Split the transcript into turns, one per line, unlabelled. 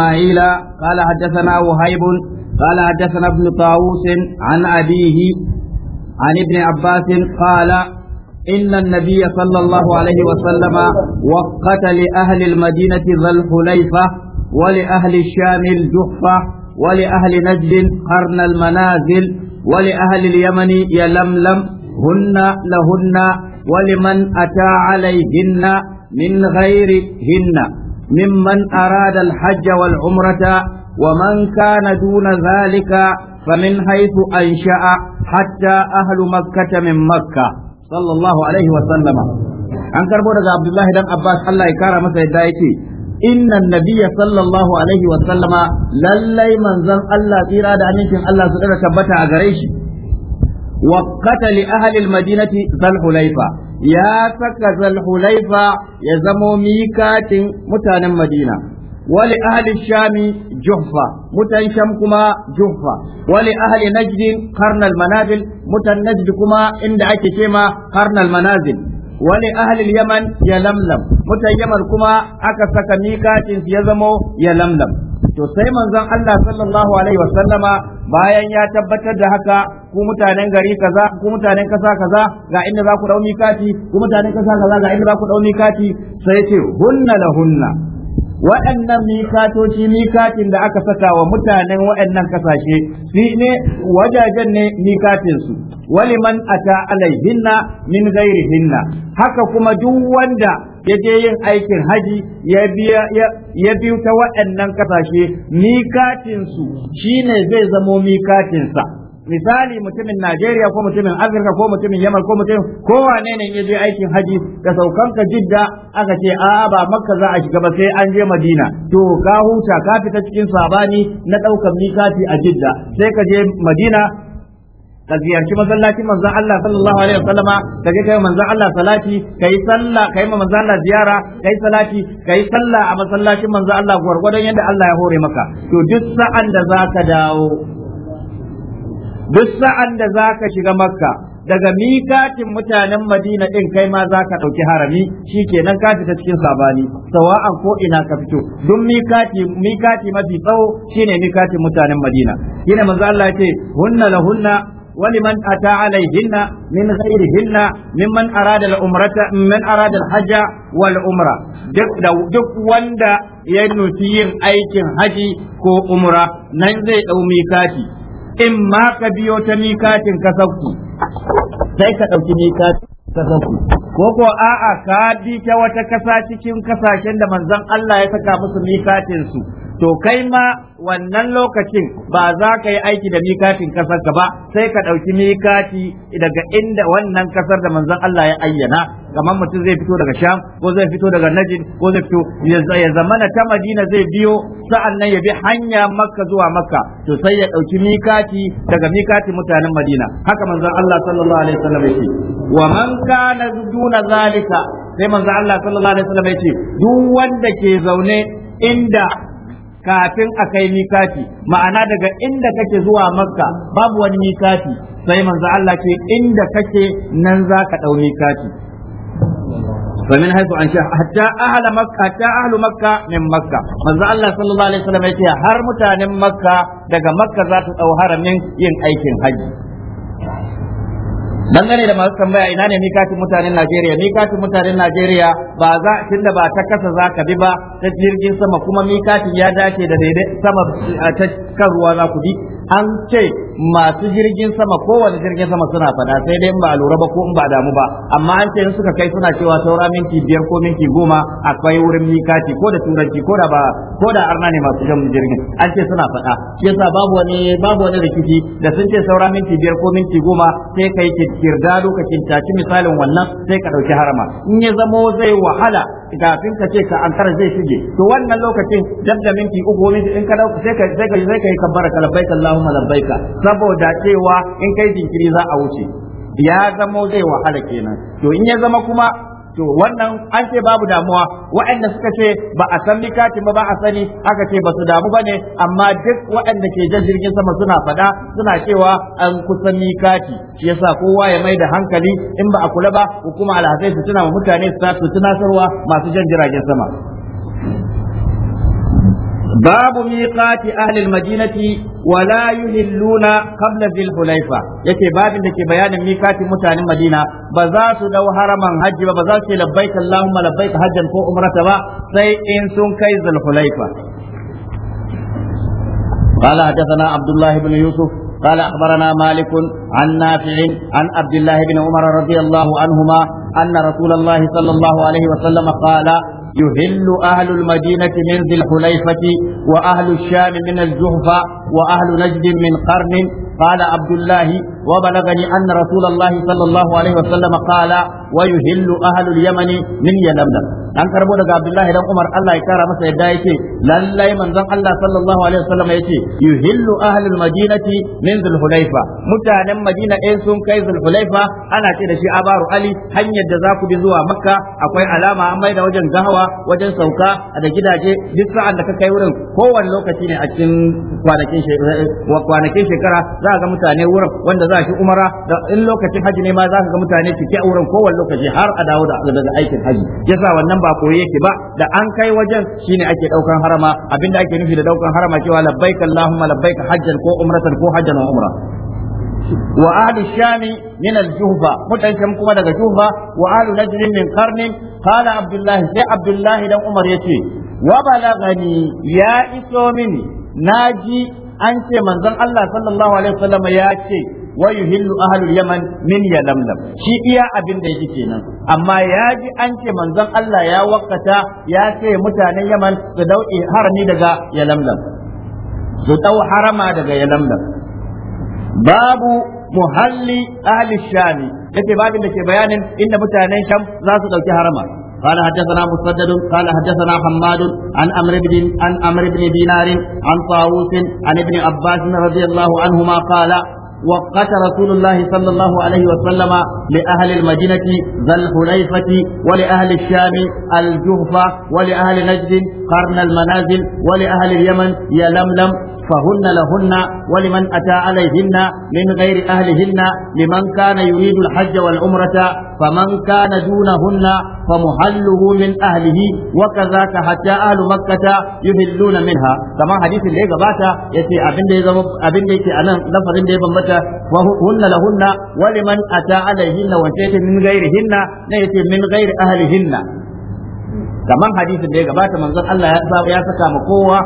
إسماعيل قال حدثنا وهيب قال حدثنا ابن طاووس عن أبيه عن ابن عباس قال إن النبي صلى الله عليه وسلم وقت لأهل المدينة ذا الحليفة ولأهل الشام الجحفة ولأهل نجد قرن المنازل ولأهل اليمن يلملم هن لهن ولمن أتى عليهن من غيرهن ممن أراد الحج والعمرة ومن كان دون ذلك فمن حيث أنشأ حتى أهل مكة من مكة صلى الله عليه وسلم عن كربو عبد الله بن عباس الله يكرمه سيدايتي inna nabiyya sallallahu alaihi wa sallama lallai manzon Allah tsira da amincin Allah su dara tabbata a gare shi wa qatali ahli almadinati zal hulaifa ya saka zalhulaifa ya zamo mikatin mutanen madina wali ahli shami juhfa mutan sham kuma juhfa wali ahli najd qarnal manazil mutan najd kuma inda ake cema qarnal manazil wali ahli yaman ya lamlam mutan yaman kuma aka saka mikatin ya zamo ya lamlam to sai manzon Allah sallallahu alaihi wasallama bayan ya tabbatar da haka ku mutanen gari kaza ku mutanen kasa kaza ga inda za ku dau mikati ku mutanen kasa kaza ga inda za ku dau mikati sai ce hunna hunna. waɗannan mikatoci mikatin da aka saka wa mutanen waɗannan kasashe shi ne wajajen ne su waliman ata alaihinna min hinna, haka kuma duk wanda ya je yin aikin haji ya biyu ta waɗannan kasashe mikatinsu shi ne zai zamo mikatinsa misali mutumin Najeriya ko mutumin Afirka ko mutumin Yamal ko mutumin kowane ne ya je aikin haji da ka jidda aka ce a ba makka za a shiga ba sai an je Madina to ka huta ka fita cikin sabani na ɗaukar mikati a jidda sai ka je Madina ka ziyarci masallacin manzon Allah sallallahu alaihi wasallam ka je kai manzon Allah salati kai sallah kai ma manzon Allah ziyara kai salati kai sallah a masallacin manzon Allah gurgurdan yadda Allah ya hore maka to duk sa'an da zaka dawo duk sa'an da zaka shiga makka daga mikatin mutanen madina din kai ma za ka ɗauki harami shi kenan ka fita cikin sabani sawa'an ko ina ka fito don mikati mikati mafi tsawo shine mikatin mutanen madina yana manzo Allah ya ce hunna lahunna ولمن أتى عليهن من غيرهن ممن أراد العمرة من أراد الحج والعمرة دك دك وندا ينسيين أيكن حجي كو عمرة ننزي أو ميكاتي إما كبيو تميكات كسوكي سيكا أو تميكات kasarku ko ko a'a ka bi ta wata kasa cikin kasashen da manzon Allah ya saka musu mikatin su to kai ma wannan lokacin ba za ka yi aiki da mikatin kasar ka ba sai ka ɗauki mikati daga inda wannan kasar da manzon Allah ya ayyana kamar mutum zai fito daga Sham ko zai fito daga najin, ko zai fito ya zamana ta Madina zai biyo sa'an nan ya bi hanya Makka zuwa Makka to sai ya ɗauki mikati daga mikati mutanen Madina haka manzon Allah sallallahu alaihi wasallam yake wa man kana duna zalika sai manzon Allah sallallahu alaihi wasallam yake duk wanda ke zaune inda kafin a kai mikati ma'ana daga inda kake zuwa makka babu wani mikati sai manzo Allah ce inda kake nan za ka ɗau mikati فمن حيث أن حتى أهل مكة حتى أهل مكة من مكة من الله صلى الله عليه وسلم يتيها هر متان مكة دقا مكة ذات أو هرم ين حج dangane da masu tambaya ina ne mikatin mutanen Najeriya mikatin mutanen Najeriya ba za tunda ba ta kasa za ka bi ba ta jirgin sama kuma mikatin ya dace da daidai sama ta kan ruwa za ku bi an ce masu jirgin sama kowane jirgin sama suna fada sai dai ba lura ba ko in ba damu ba amma an ce in suka kai suna cewa saura minti biyar ko minti goma akwai wurin mikati ko da turanci ko da ba ko da arna ne masu jan jirgin an ce suna fada shi yasa babu wani babu wani rikici da sun ce saura minti biyar ko minti goma sai kai kirda lokacin taci misalin wannan sai ka dauki harama in ya zamo zai wahala kafin ka ce ka ankara zai shige to wannan lokacin dabda da minti uku minti in ka dauka sai ka sai ka sai ka yi kabbara ka labbaika Allahumma labbaika saboda cewa in kai jinkiri za a wuce ya zamo zai wahala kenan to in ya zama kuma to wannan an ce babu damuwa waɗanda suka ce ba a san mikatin ba ba a sani aka ce ba su damu ba ne amma duk waɗanda ke jan jirgin sama suna faɗa suna cewa an kusan likati shi yasa kowa ya mai da hankali in ba a kula ba hukuma alhazai su tuna mutane su tunasarwa masu jan jiragen sama babu miqati ahli almadinati wa la yuhilluna qabla dhil hulaifa yake babin da ke bayanin miqati mutanen madina ba za su dau haraman hajji ba ba za su labbaik allahumma labbaik hajjan ko umarata ba sai in sun kai dhil hulaifa قال حدثنا عبد الله بن يوسف قال أخبرنا مالك عن نافع عن عبد الله بن عمر رضي الله عنهما أن رسول الله صلى الله عليه وسلم قال يهل أهل المدينة من ذي الحليفة وأهل الشام من الزهفة وأهل نجد من قرن قال عبد الله وبلغني أن رسول الله صلى الله عليه وسلم قال ويهل أهل اليمن من يلملم an karbo daga Abdullahi dan Umar Allah ya kara masa yadda yake lallai manzon Allah sallallahu alaihi wasallam yace yuhillu ahlul madinati min zulhulaifa mutanen Madina ɗin sun kai hulaifa ana ce da shi abaru ali hanyar da za ku bi zuwa Makka akwai alama an mai da wajen gahawa hawa wajen sauka da gidaje duk sa'an da ka kai wurin kowane lokaci ne a cikin kwanakin eh, kwanakin shekara za ga mutane wurin wanda za shi umara da in lokacin haji ne ma za ga mutane cike a wurin kowane lokaci har a dawo daga aikin haji yasa wannan ba koyi yake ba da an kai wajen shine ake daukan harama abinda ake nufi da daukan harama cewa labbaik allahumma labbaik hajjan ko umratan ko hajjan wa umra Wa'adu ahli shami min al-juhfa kuma daga juhfa wa na najd min qarn qala sai Abdullahi dan umar yace wa balagani ya iso mini naji an ce manzon Allah sallallahu alaihi ya ce wa yuhillu ahlul yaman min yalamlam shi iya abin da yake kenan amma ya ji an ce manzon Allah ya wakata ya ce mutanen yaman su dauke harni daga yalamlam su dau harama daga yalamlam babu muhalli ahli shami yace babin da ke bayanin inda mutanen sham za su dauki harama قال حدثنا مسدد قال حدثنا حماد عن امر بن عن امر بن دينار عن طاووس عن ابن عباس رضي الله عنهما قال وقت رسول الله صلى الله عليه وسلم لأهل المدينة ذا الحليفة ولأهل الشام الجهفة ولأهل نجد قرن المنازل ولأهل اليمن يلملم فهن لهن ولمن أتى عليهن من غير أهلهن لمن كان يريد الحج والعمرة فمن كان دونهن فمحله من أهله وكذاك حتى أهل مكة يهلون منها كما حديث اللي قباتا يتي أبن دي أبن دي أنا لفظ دي بمتا وهن لهن ولمن أتى عليهن وشيت من غيرهن نيتي من غير أهلهن كما حديث اللي قباتا منزل الله يا سكا مقوة